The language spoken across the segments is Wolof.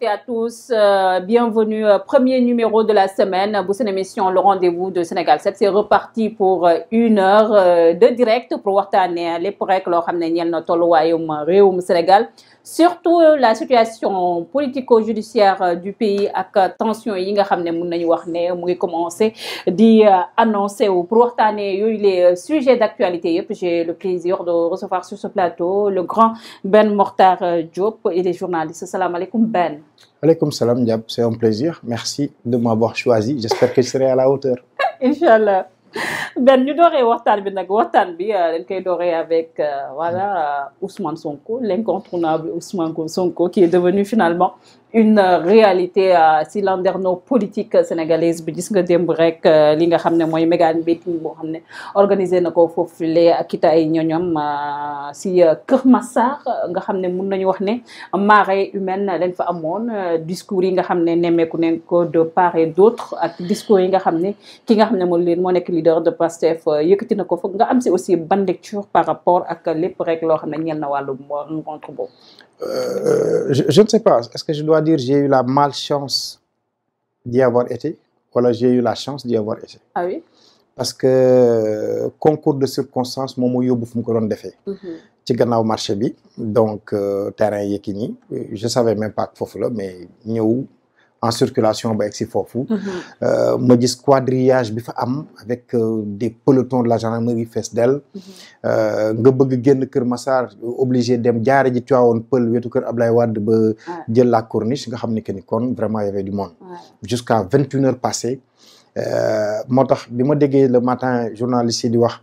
toutes et à tous euh, bienvenue euh, premier numéro de la semaine bu seen émission le rendez-vous de Sénégal 7 c'est reparti pour euh, une heure de direct pour waxtaanee lépp rek loo xam ne ñeel na tolluwaayum réewum Sénégal surtout la situation politico-judiciaire euh, du pays ak euh, tension yi nga xam ne mun nañu wax ne mu ngi commencé di euh, annoncer wu pour waxtaanee yooyu les sujets d'actualité yëpp j'ai le plaisir de recevoir sur ce plateau le grand Ben Mortar Diop il est journaliste salaamaaleykum Ben. waaleykum salaam Diab c'est un plaisir merci de m'avoir choisi j'espère que je serai à la hauteur. Inch'Allah. benn ñu dooree waxtaan bi nag waxtaan bi euh, dañ koy dooree avec euh, voilà Ousmane Sonko l'incontournable Ousmane Sonko qui est devenu finalement une réalité euh, si landerneau politique sénégalaise bi gis nga démb rek euh, li nga xam ne mooy méga meeting boo xam ne organisé na ko foofule ak it ay ñoñom euh, si Kër Massar nga xam ne mun na ñu wax ne marée humaine lañ fa amoon discours yi nga xam ne nemmeeku nañ ko de part et d'autre ak discours yi nga xam ne ki nga xam ne moo leen moo nekk leader de Pastef yëkkati na ko foog nga am si aussi ban lecture par rapport ak lépp rek loo xam ne ñeel na wàllu rencontre boobu. je ne pas dire j'ai eu la malchance d'y avoir été, voilà, j'ai eu la chance d'y avoir été. Ah oui? parce que concours de circonstances moom moo yóbbu fu mu ko doon defee. Mm-hmm. ci gannaaw marché bi. donc euh, terrain Yékini je savais même pas foofu la mais ñëw. en circulation ba egg si foofu. Mhm. Euh, ma gis quadrillage bi fa am avec euh, des pelotons de la gendarmerie fees dell. Mhm. Euh, nga bëgg génn Kër Massar obligé dem jaare ji Tivaouane Pël wetu Kër Ablaye Wade ba. jël la corniche nga xam ni que ni kon vraiment y avait du monde. jusqu'à vingt une heures passées moo tax bi ma déggee le matin journaliste yi di wax.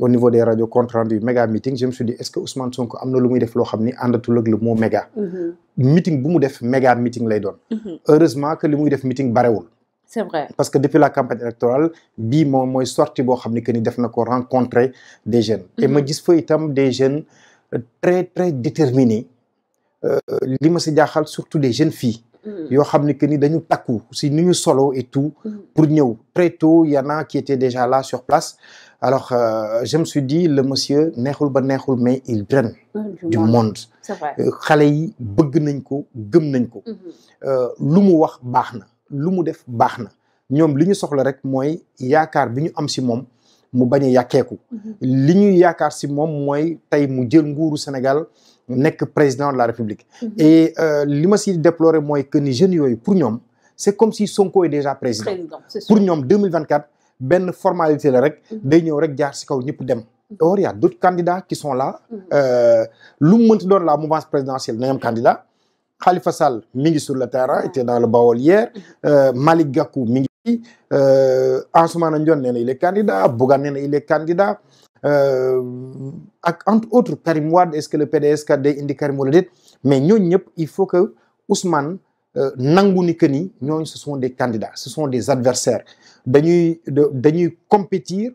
au niveau des radios compte rendu méga meeting je me suis dit est-ce que Ousmane Sonko am na lu muy def loo xam ni àndatul ak le mot méga. Mm-hmm. meeting bu mu def méga meeting lay doon. Mm-hmm. heureusement que li muy def meeting barewul. c'est vrai parce que depuis la campagne électorale bii moom mooy sorti boo xam ni que ni def na ko rencontrer des jeunes. et mm-hmm. ma gis fa itam des jeunes euh, très très déterminés. Euh, li ma si jaaxal surtout des jeunes filles. yoo xam ne que ni dañu takku si ni ñu solo et pour ñëw très tôt a qui étaient déjà là sur alors euh, je me suis dit le monsieur neexul ba neexul mais il draine ah, du monde euh, xale yi bëgg nañ ko gëm nañ ko mhm. euh, lu mu wax baax na lu mu def baax na ñoom li ñu soxla rek mooy yaakaar bi ñu am si moom mu bañ a yàkkeeku mhm. li ñuy yaakaar si moom mooy tey mu jël nguuru Sénégal nekk président de la République mhm. et euh, li ma si déplorer mooy que ni yooyu pour ñoom c'est comme si Sonko est déjà président pour ñoom benn formalité la rek mhm. day ñëw rek jaar si kaw ñëpp dem mhm. or y a d'autres candidats qui sont là mhm. euh, lu mu mënti doon la mouvance présidentielle na am candidat Khalifa Sall mi ngi sur le terrain était dans le Baol hier euh, Malick Gakou mi ngi euh, Ansoumana Dione nee na il est candidat Bougane nee na il est candidat ak entre autres Karim Wade est-ce que le PDS kat day indi Karim wala déet mais ñooñu ñëpp il faut que Ousmane Euh, nangu ni que ni ñooñu ce sont des candidats ce sont des adversaires dañuy dañuy compétir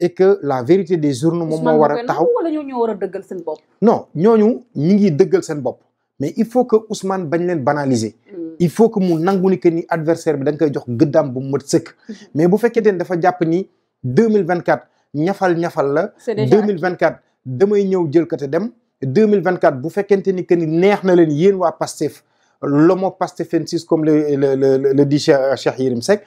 et que la vérité des urnes moom moo war a taxaw wala ñoo ñoo war a dëggal seen bopp non ñooñu ñi ngi dëggal seen bopp mais il faut que Ousmane bañ leen banaliser mm. il faut que mu nangu ni que ni adversaire bi da nga koy jox gëddaam bu mët sëkk mm-hmm. mais bu fekkee ne dafa jàpp ni deux mille vingt quatre ñafal ñafal la deux mille vingt quatre damay ñëw jël ko te dem deux mille vingt quatre bu fekkente ni que ni neex na leen yéen waa Pastef l'homopastefensis comme le le le le dit Cheikh euh, Yérim Seck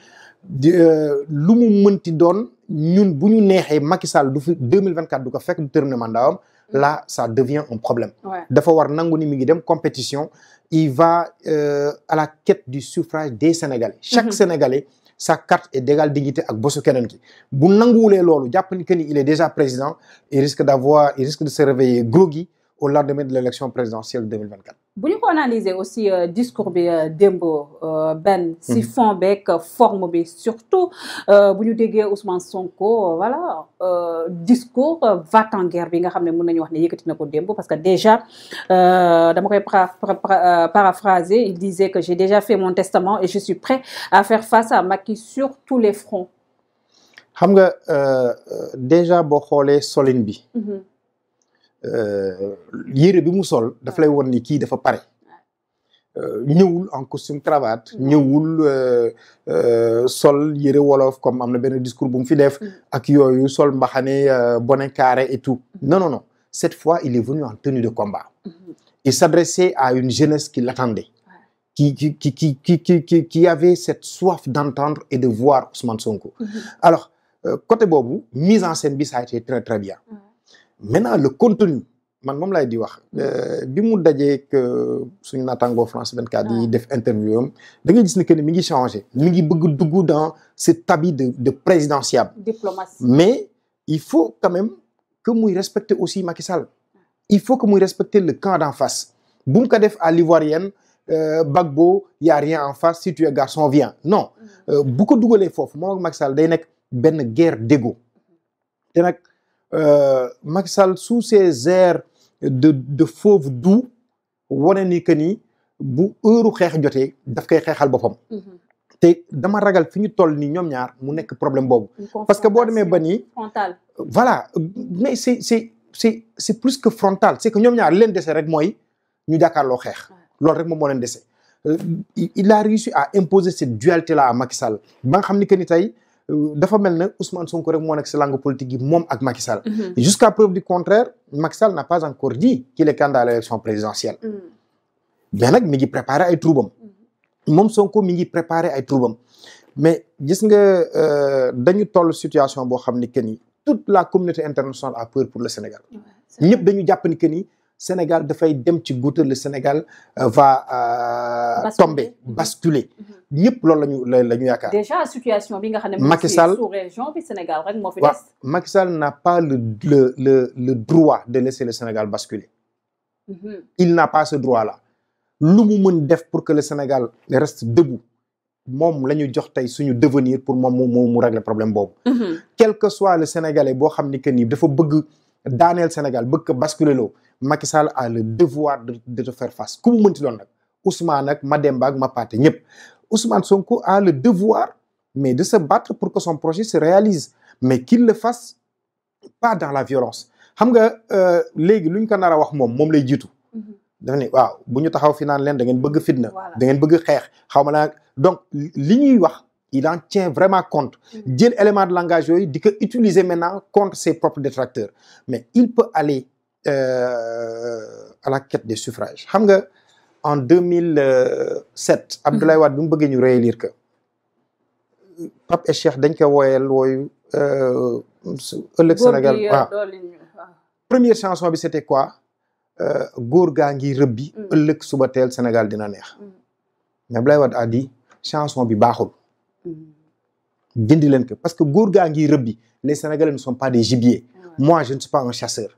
euh, lu mu mënti doon ñun bu ñu neexee Macky Sall du fi 2024 du ko fekk du terminer mandat am mm. là ça devient un problème. dafa war nangu ni mi ngi dem compétition. il va euh, à la quête du suffrage des Sénégalais. Mm-hmm. chaque mm -hmm. sa carte e d'égale dignité ak bosu keneen ki. bu nanguwulee loolu jàpp ni que ni il est déjà président il risque d'avoir il risque de se réveiller au lendemain de l'élection présidentielle 2024. bu ñu ko aussi euh, discours bi euh, démb euh, benn. si mhm. fond beeg forme bi surtout bu ñu déggee Ousmane Sonko voilà discours va-t-en-guerre bi nga xam ne mën nañu wax ne yëkkati na ko démb parce que déjà dama koy paraphraser il disait que j'ai déjà fait mon testament et je suis prêt à faire face à Macky sur tous les fronts. xam nga déjà boo xoolee solin bi. Mhm. Euh, yére bi mu sol daf lay won ni kii dafa pare euh, ñëwul en costume cravate mm. ñëwul euh, sol yére wolof comme am na benn discours bu mu fi def mm. ak yooyu sol mbaxane bonnet carré et tout mm. non non cette fois il est venu en tenue de combat mm-hmm. il s'adressait à une jeunesse qui l'attendait qui qui qui qui qui qui qui avait cette soif d'entendre et de voir Ousmane Sonko mm-hmm. alors côté boobu mise en scène bi ça été très très bien maintenant le contenu man moom laay di wax euh, bi mu dajee dajeeg euh, suñu naataangoo France 24 yi ah. def interview am da nga gis ne que ni mi ngi changé mi ngi bëgg dugg dans ce tabi de de présidentiable. diplomatie mais il faut quand même que muy respecter aussi Macky Sall. il faut que muy respecter le camp d'en face bu mu ko def à l'ivoirienne euh, Gbagbo y a rien en face si garçon viens non mm. bu ko dugalee foofu moom ak Macky Sall day nekk benn guerre dégo mm-hmm. Euh, Macky Sall sous ses de de fauve doux wane ni que ni bu heure xeex jotee daf koy xeexal boppam. Mhm. te dama ragal fi ñu toll nii ñoom ñaar mu nekk problème boobu. parce que boo demee ba nii. frontal voilà mais c'est c'est c'est c'est plus que frontal c'est que ñoom ñaar leen dese rek mooy ñu jàkkaarloo xeex. loolu rek moom moo leen dese. Euh, il a réussi à imposer cette dualité la à Macky Sall ba nga xam ni que ni tey. dafa mel ne Ousmane Sonko rek moo nekk si langue politique yi moom ak Macky Sall. Mhm. jusqu'à preuve du contraire Macky n'a pas encore dit qu'il est candidat à présidentielle. mais mhm. nag mi ngi préparé ay troubam. Mhm. moom Sonko mi ngi préparé ay troubam. mais gis nga euh, dañu toll situation boo xam ni que ni toute la communauté internationale a peur pour le Sénégal. ñëpp dañu jàpp ni que ni Sénégal dafay dem ci goutte le Sénégal euh, va. Euh, tomber basculer. ñëpp loolu lañu la ñu yaakaar. déjà situation bi nga xam ne. Macky Sall sous région Sall n'a pas le le le le droit de laisser le Sénégal basculer. Mhm. il n'a pas ce droit là. lu mu mën def pour que le Sénégal reste debout moom la ñu jox tey suñu devenir pour moom mu mu régler problème boobu. Mhm. quel que soit le Sénégalais boo xam ni que ni dafa bëgg daaneel Sénégal bëgg ko basculer loo Macky Sall a le devoir de de te faire face ku mu mënti doon nag Ousmane ak Mademba ak Mapaté ñëpp. Ousmane Sonko a le devoir, mais de se battre pour que son projet se réalise, mais qu'il le fasse pas dans la violence. xam nga euh, léegi lu ñu ko nar a wax moom moom lay jiitu. Mhm. dafa ne waaw bu ñu taxaw fi naan leen da ngeen bëgg fitna. da ngeen bëgg xeex xaw ma la donc li ñuy wax. il en tient vraiment compte mhm. jël élément de langage yooyu di ko utiliser maintenant contre ses propres détracteurs mais il peut aller euh, à la quête des suffrages xam nga. en 2007 Abdoulaye mhm. Wade bi mu bëggee ñu réélire que Pape et Cheikh dañ ko wooyal wooyu euh, ëllëg Sénégal waaw première chanson bi c'était quoi euh, góor gaa ngi rëbbi mhm. ëllëg suba teel Sénégal dina neex mhm. mais Abdoulaye Wade a dit chanson bi baaxul dindi leen ko parce que góor gaa ngi rëbbi les Sénégalais ne sont pas des gibiers moi je ne suis pas chasseur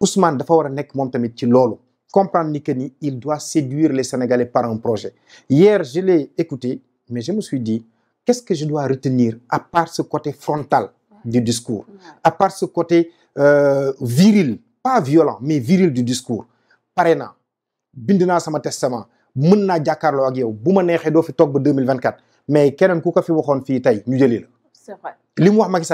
Ousmane dafa war a nekk moom tamit ci loolu comprendre ni que ni il doit séduire les Sénégalais par un projet hier je l'ai écouté mais je me suis dit qu'est-ce que je dois retenir à part ce côté frontal du discours à part ce côté euh, viril pas violent mais viril du discours pare naa bind naa sama testament mën naa jàkkaarloo ak yow bu ma neexee doo fi toog ba 2024 mais keneen ku ko fi waxoon fii tey ñu jëli la. c'est vrai li mu wax Macky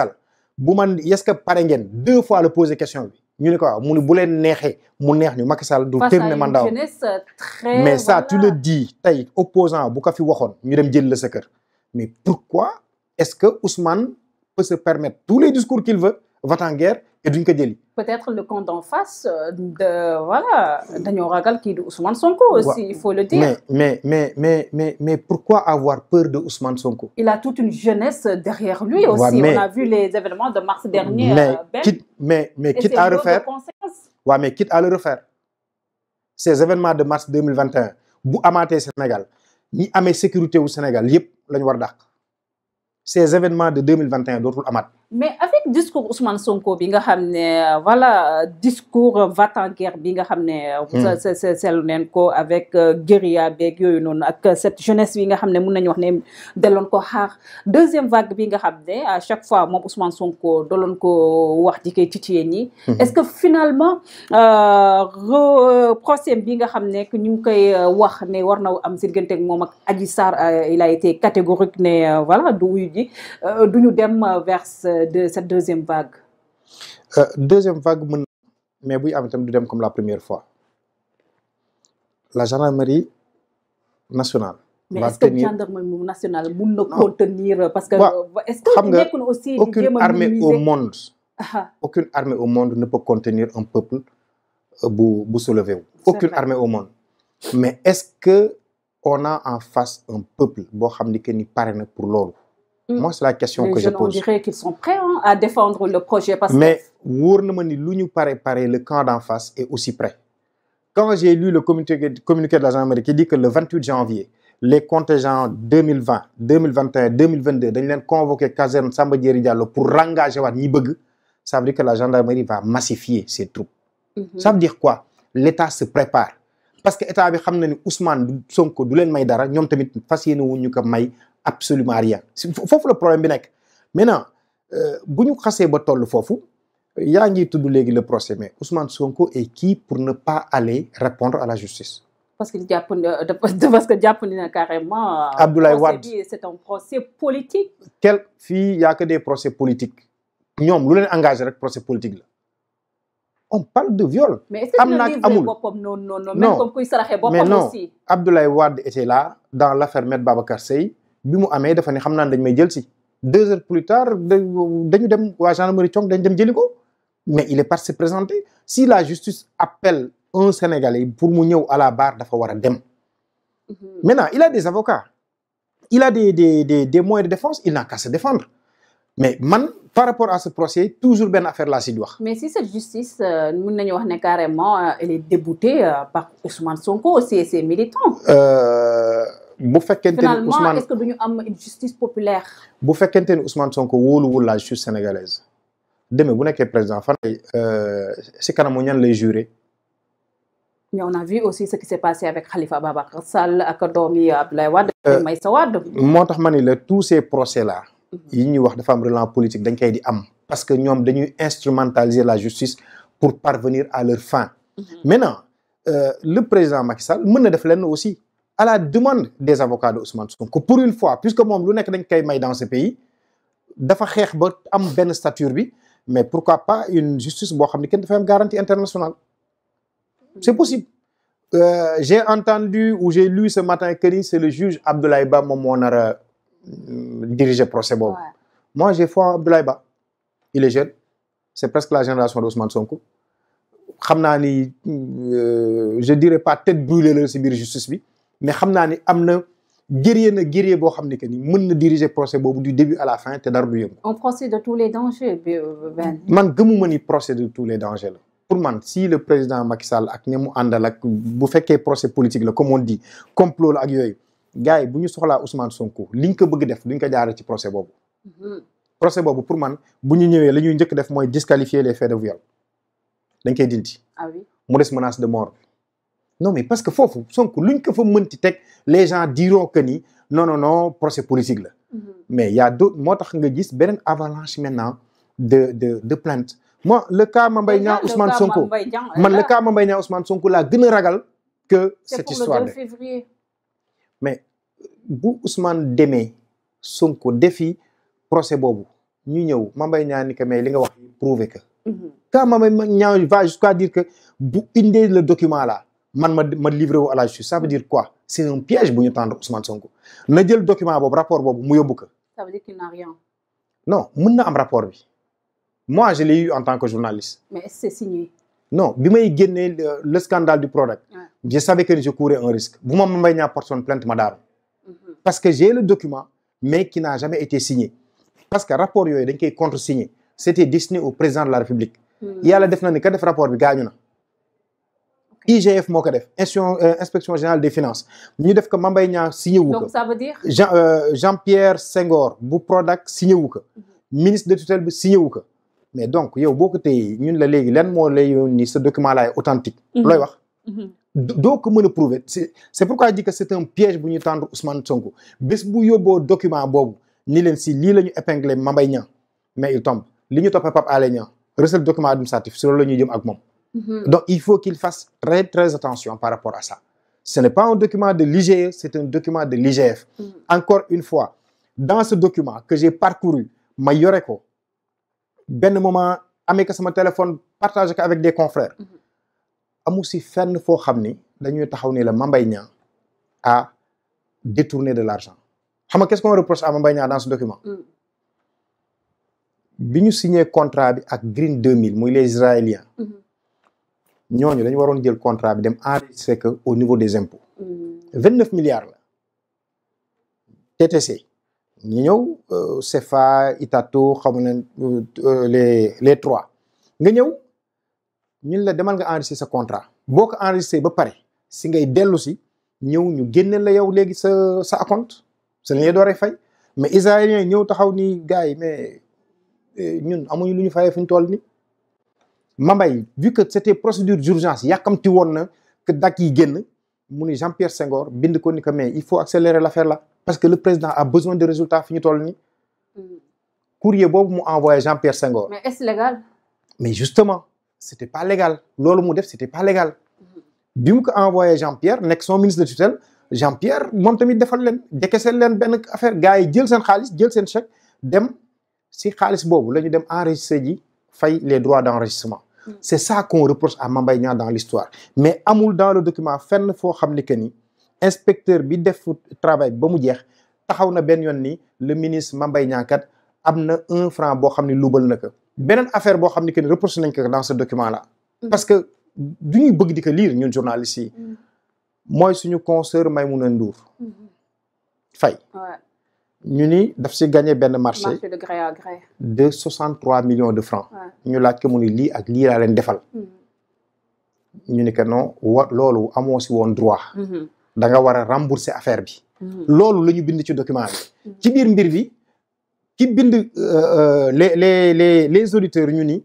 bu man est-ce que pare ngeen deux fois la poser question bi. ñu ne ko waaw mu ne bu leen neexee mu neex ñu Macky Sall du terminer mandat mais ça tu le dis tey opposant bu ko fi waxoon ñu dem jël la sa kër mais pourquoi est-ce que Ousmane peut se permettre tous les discours qu'il veut va te duñ ko jëli. peut-être le camp d'en face euh, de voilà dañoo ragal kii di Ousmane Sonko. aussi il faut le dire mais mais mais mais mais pourquoi avoir peur de Ousmane Sonko. il a toute une jeunesse derrière lui. aussi mais, on a vu les événements de mars dernier. mais euh, ben, quitte, mais mais quitte à refaire waaw ouais, mais quitte à le ces événements de mars deux mille vingt et un bu amaatee Sénégal ñi amee sécurité wu Sénégal yëpp la ñu war dàq. ces événements de deux mille vingt et mais avec discours Ousmane Sonko bi nga xam ne voilà discours va t en bi nga xam ne hmm. seetlu neen ko avec euh, guérilla beeg yooyu noonu ak cette jeunesse bi nga xam ne mun nañu wax ne delloon ko xaar deuxième vague bi nga xam ne à chaque fois moom Ousmane Sonko doloon ko wax ji koy titiyee nii est-ce que finalement euh, procès bi nga xam ne ñu ngi koy euh, wax ne war na am si diggante ak moom ak Adji Sarr il catégorique ne voilà du wuyu ji duñu dem de cette deuxième vague. Euh, deuxième vague mën buy am du dem comme la première fois la gendarmerie nationale. mais est que contenir. parce que euh, est-ce que nekk na aussi aucune armée au monde ne peut contenir un peuple euh, bu bu aucune armée au monde. mais est-ce que on a en face un peuple boo xam ni que ni pare na pour loolu. Mmh. Moi, c'est la question les que je pose. Les qu'ils sont prêts hein, défendre le projet. Mais wóor na ma ni lu ñu pare pare le camp d'en face est aussi prêt. Quand j'ai lu le communiqué, communiqué de la gendarmerie qui dit que le 28 janvier, les contingents 2020, 2021, 2022 dañ leen convoqué caserne Samba Diéry Diallo pour rengager waat ñi bëgg ça veut dire que la gendarmerie va massifier ses troupes. Mm-hmm. Ça veut dire quoi? L'État se prépare. parce que état bi xam na ni Ousmane Sonko du leen may dara ñoom tamit fas yéene wuñ ñu ko may absolument rien foofu la problème bi nekk maintenant euh, bu ñu xasee ba toll foofu yaa ngi tudd léegi le procès mais Ousmane Sonko est qui pour ne pas aller répondre à la justice parce que jàpp parce que jàpp na carrément. Euh, Abdoulaye Wade c'est un procès politique. quel fii y a que des procès politique ñoom lu leen engagé rek procès politique la. on parle de viol. am na ak amul mais est-ce que boppam noonu noonu. même comme kuy saraxe boppam aussi. Abdoulaye Wade était là dans l'affaire Me Babacar Seye bi mu amee dafa ne xam naa dañ may jël si. deux heures plus tard dañu dem waa gendarmerie cong dañ dem jëli ko mais il est pas se présenter si la justice appelle un Sénégalais pour mu ñëw à la barre dafa war a dem. Mhm. maintenant il a des avocats il a des des des des moyens de défense il n'a qu'à défendre. mais man par rapport à ce procès toujours benn affaire laa si di wax. mais si cette justice euh, mën nañu wax ne carrément euh, elle est déboutée euh, par Ousmane Sonko aussi et bu fekkente ni Ousmane finalement ce que am une justice bu fekkente ni Ousmane Sonko wóoluwul la justice sénégalaise deme bu nekkee président fan lay si kanamu ñan lay juré. ñoo na a vu aussi ce qui s'est passé avec Khalifa Babacar Sall ak doomi Abdoulaye moo tax ma ni la tous ces procès la Mhm. yi ñuy wax dafa am relent politique dañ koy di am parce que ñoom dañuy instrumentaliser la justice pour parvenir à leur fin mhm. mais euh, le président Macky mën na def lenn aussi à la demande des avocats de Ousmane Sonko pour une fois puisque moom lu nekk dañ koy may dans ce pays dafa xeex ba am benn stature bi mais pourquoi pas une justice boo xam ne kenn dafa am garantie internationale mhm. c'est possible euh, j'ai entendu ou j'ai lu ce matin que ni c'est le juge Abdoulaye moo nar Euh, diriger procès boobu. Ouais. moi j'ai foi Ba. il est jeune c'est presque la génération d'Ousmane Sonko xam naa ni euh, je dirais pas tête brûlée la si biir justice bi mais xam naa ni am na. guerrier na guerrier boo xam ne que ni mën na diriger procès boobu du début à la fin te dara du yëngu. un procès de tous les dangers euh, Ben. man gëmuma ni procès de tous les dangers la. pour man si le président Macky ak ña mu àndal ak bu fekkee procès politique la comme on dit complot la ak yooyu gars yi bu ñu soxlaa Ousmane Sonko liñ ko bëgg def duñ ko jaaree ci procès boobu. Mhm. procès boobu pour man bu ñu ñëwee la ñuy njëkk def mooy disqualifier les faits de viol dañ koy dindi. ah oui mu des menace de mort. non mais parce que foofu Sonko luñ ko fa mënti teg les gens diront que ni non non non procès politique la. Mhm. mais ya a moo tax nga gis beneen avalanche maintenant de de de moo moi le cas Mame Mbaye Niang Ousmane Sonko man le cas Mame Mbaye Niang Ousmane Sonko laa gën a ragal que cette mais bu Ousmane demee Sonko defi procès boobu ñu ñëw Mame Mbaye Niang ni que mais li nga wax prouvé que. Mhm. quand Mame Mbaye Niang va jusqu'à dire que bu indee le document la man ma ma livré wu à la justice ça veut dire quoi c'est un piège bu ñu tendre Ousmane Sonko na jël document boobu rapport boobu mu yóbbu ko. ça veut n'a non mën na am rapport bi moi je l'ai eu en tant que journaliste. non bi may génnee le scandale du Prodac je savais que je courais un risque bu ma mbay ñaa portoon plainte ma daaru mhm. parce que j'ai le document mais qui n'a jamais été signé parce que rapport yooyu dañ koy contresigné c'était destiné au président de la République mhm. yàlla def na ni ka def rapport bi gaañu na IGF moo ko def euh, inspection générale de finance ñu def ko Mambay Niang signé wu ko donc ça veut dire. Jean euh, Pierre Senghor bu Prodac signé wu ko. Mhm. ministre de tutelle bi signé wu ko. mais donc yow boo ko te ñun la léegi lan moo lay yoon ni ce document la est authentique mhm. looy wax mhm. doo ko mën a prouver c'est pourquoi je dis que c'est un piège bu ñu tendre Ousmane Sonko bés bu yóbboo document boobu ni leen si lii la ñu épinglé Mambay Niang mais il tombe li ñu toppee Pape Alé Niang recel document administratif si la ñuy jëm ak moom mhm. donc il faut qu'il fasse très attention par rapport à ça ce n'est pas un document de l'IGE c'est un document de l'IGF encore une fois dans ce document que j'ai parcouru ma yore ko benn moment amee ko sama téléphone partage ko avec des confrères mhm. amu si fenn foo xam ni dañuy taxaw ni la Mambay Niang a détourné de l'argent xam nga qu'est-ce qu'on reproche à Mambay Niang dans ce document mm. bi ñu signé contrat bi ak Green 2000 muy les israéliens mhm. ñooñu dañu waroon jël contrat bi dem enregistré que au niveau des impôts mm. vingt neuf milliards la TTC ñu ñëw euh, Cefa Itato xamu ne euh, les les trois nga ñëw ñun la demal nga enregistrer sa contrat boo ko enregistré ba pare si ngay dellu si ñëw ñu génne la yow léegi sa sa acompte sa la ñuy dooree fay mais israélien ñëw taxaw ni gars yi mais euh, ñun amuñu lu ñu fayee fi ñu toll ni Mambay vu que c'était procédure d'urgence yàkkamti woon na que dak yi génn mu ni Jean-Pierre Senghor bind ko ni que mais il faut accélérer l'affaire là parce que le président a besoin de résultats fi ñu toll nii. Mm. boobu mu envoyé Jean-Pierre Senghor. mais est-ce légal. mais justement c'était pas légal loolu mu def c'était pas légal. Mm. bi mu envoyé Jean-Pierre nekk son ministre de tutelle Jean-Pierre moom tamit defal leen décaissé leen benn affaire gars yi jël seen xaalis jël seen chèque dem si xaalis boobu la ñu dem enregistré ji fay les droits d'enregistrement. Mm. c'est ça qu'on reproche à Mame Mbaye dans l'histoire mais amul dans le document fenn foo xam ni que ni inspecteur bi def travail ba mu jeex taxaw na benn yoon ni le ministre Mame Mbaye kat am na un franc boo xam ni luubal na ko beneen affaire boo xam ni que ni reproché nañ ko dans ce document là mm. parce que du ñuy bëgg di ko lire ñun journalistes yi mm. mooy suñu consoeur mu Ndour mm-hmm. Faye ñu ni def si gagné benn marché de gré à gré de 63 de francs ñu laaj ko mu ni lii ak lii leen defal mhm. ñu ni que no wa loolu amoo si woon droit mhm. da nga war a rembourser affaire bi mhm. loolu la ñu bind ci document bi ci biir mbir bi ki bind euh, euh, les les les les auditeurs ñu ni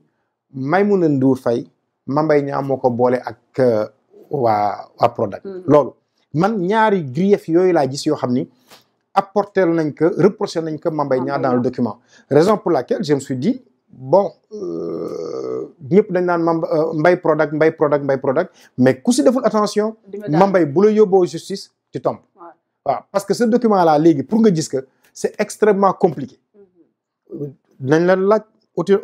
mu Maimouna Ndour Faye Mambay Niang moo ko boole ak euh, waa waa Prodac loolu man ñaari grief yooyu laa gis yoo xam ni apporter nañ ko reproché nañ ko Mame Mbaye Niang dans le document raison pour laquelle je me suis dit bon euh, ñëpp dañ naan Mame euh, Mbaye Prodac Mbaye Prodac Mbaye Prodac mais ku si deful attention Mame Mbaye bu la yóbboo justice tu tombes waaw parce que ce document là léegi pour nga gis que c'est extrêmement compliqué mm-hmm. nañ la laaj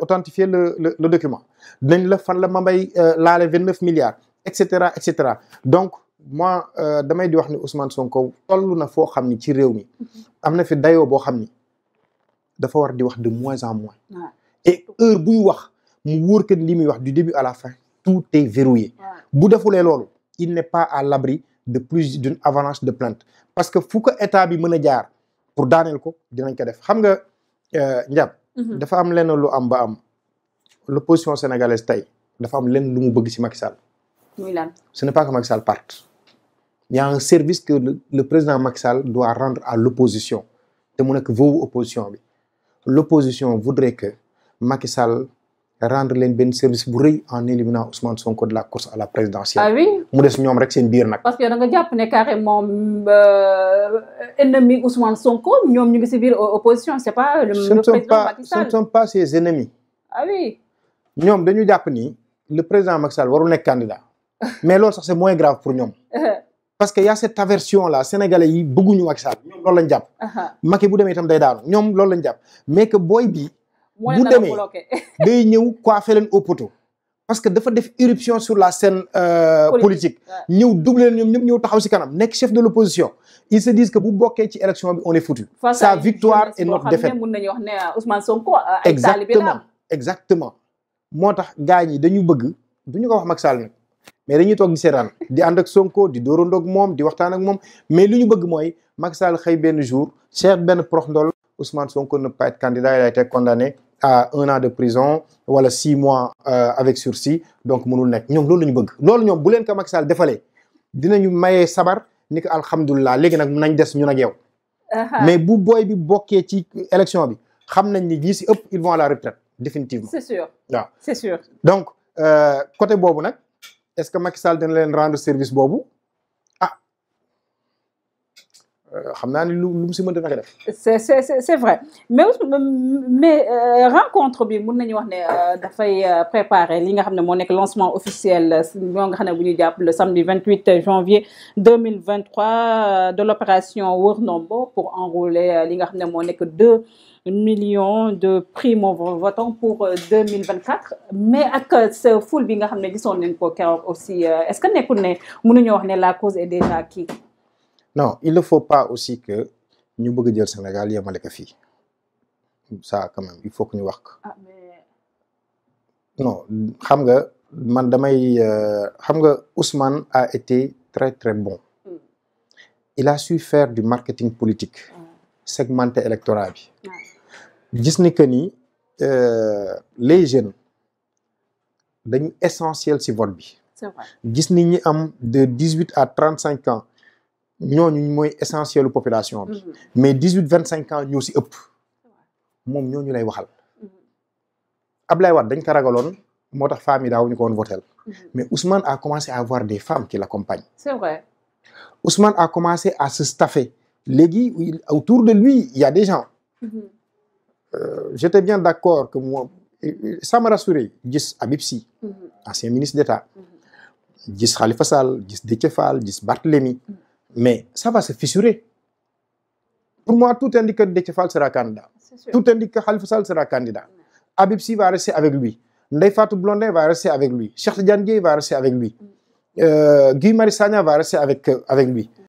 authentifier le le le document nañ la fan la Mame Mbaye euh, laale vingt neuf milliards et cetera et cetera donc moi euh, damay di wax ni Ousmane Sonko toll na foo xam ni ci réew mi. Mhm. am na fi dayoo boo xam ni dafa war di wax de moins en mois et heure buy wax mu wóor que li muy wax du début à la fin tout est verrouillé. bu defulee loolu il ne pas à l'abri de plus d'une avalanche de plaintes parce que fu ko état bi mën a jaar pour daaneel ko dinañ ko def xam nga euh, njab mhm. dafa am lenn lu am ba am l'opposition sénégalaise tey dafa am leen lu mu bëgg si Macky Sall. muy pas que Macky il y a un service que le, le président Macky Sall doit rendre à l'opposition te mu nekk voowu opposition bi l'opposition voudrait que Macky Sall rendre leen benn service bu rëy en éliminant Ousmane Sonko de la course à la présidentielle. ah oui mu des ñoom rek seen biir nag. parce que da nga jàpp ne carrément euh, ennemi Ousmane Sonko ñoom ñu ngi si biir opposition c'est pas le, le président Macky Sall. ce ne sont pas ses ennemis. ah oui. ñoom dañu jàpp ni le président Macky Sall warul nekk candidat mais loolu sax c'est moins grave pour ñoom. parce que y' a cette aversion là sénégalais yi bëgguñu Macky Sall ñoom loolu lañ jàpp. Macky bu demee itam day daanu ñoom loolu lañ jàpp mais que booy bi. bu demee day ñëw coiffé leen au poteau. parce que dafa def irruption sur la scène. Euh, politique ñëw doublé leen ñoom ñëpp ñëw taxaw si kanam nekk chef de l' opposition. ils se disent que bu bokkee ci élection bi on est foutu. sa victoire est notre défaite mën nañu wax ne euh, Ousmane Sonko euh, ay exactement moo tax gars ñi dañu bëgg du ñu ko wax Macky Sall nag mais dañuy toog di di ànd ak Sonko di dóorandoog moom di waxtaan ak moom mais li ñu bëgg mooy Macky Sall xëy benn jour cher benn prox ndol Ousmane Sonko ne peut pas être candidat il a été condamné à un an de prison wala six mois euh, avec sursis donc mënul nekk ñoom loolu la ñu bëgg loolu ñoom bu leen ko Macky Sall defalee dinañu mayee sabar ni ko alhamdulilah léegi nag nañ des ñu ak yow mais bu booy bi bokkee ci élection bi xam nañ ni ñii si ëpp ils vont à la retraite définitivement c'est sûr waaw c'est sûr euh, côté boobu nag est-ce que Macky Sall dina leen rendre service boobu ah euh, xam naa ne lu lu mu si mën dina ko def. c'est c'est c'est vrai mais mais euh, rencontre bi mun nañu wax ne euh, dafay préparer li nga xam ne moo nekk lancement officiel ñoo nga xam ne bu ñuy jàpp le samedi 28 janvier 2023 de l'opération Wër Ndombo pour enrôler li nga xam ne moo nekk deux. millions de primo-votants pour 2024 euh, mais ak sa euh, bi nga xam ne gisoon nañ ko keroog aussi euh, est-ce que nekkul ne mënuñoo wax ne la cause est déjà acquise. non il ne faut pas aussi que ñu bëgg jël Sénégal yemale ko fii ça quand même il faut que ñu wax ko. Ah, xam nga man damay xam nga Ousmane a été très très bon. Hmm. il a su faire du marketing politique. Ah. segmenter électorat bi. Ah. gis ni que ni euh, les jeunes dañu essentiel ci vote bi. c'est gis ni ñi am de dix huit à trente cinq ans ñooñu mooy essentiel population bi. Mm-hmm. mais dix huit vingt cinq ans ñoo ci ëpp. moom ñooñu lay waxal. Mm-hmm. Ablaye Wade dañ ko ragaloon moo tax femmes yi daawuñu ko woon votel mm-hmm. mais Ousmane a commencé à avoir des femmes qui l'accompagnent. c'est vrai. Ousmane a commencé à se staffer léegi autour de lui ya y des gens. Euh, j'étais bien d'accord que moi ça m'a rassuré gis Habib Sy mm-hmm. ancien ministre d'État mm-hmm. gis Khalifa Sall gis Déthié Fall gis Barthélémy mm-hmm. mais ça va se fissurer pour moi tout indique que Déthié Fall sera candidat tout indique que Khalifa sera candidat Habib va rester avec lui Ndeye Fatou Blondin va rester avec lui Cheikh Tidiane va rester avec lui euh, Guy Marius Sagna va rester avec euh, lui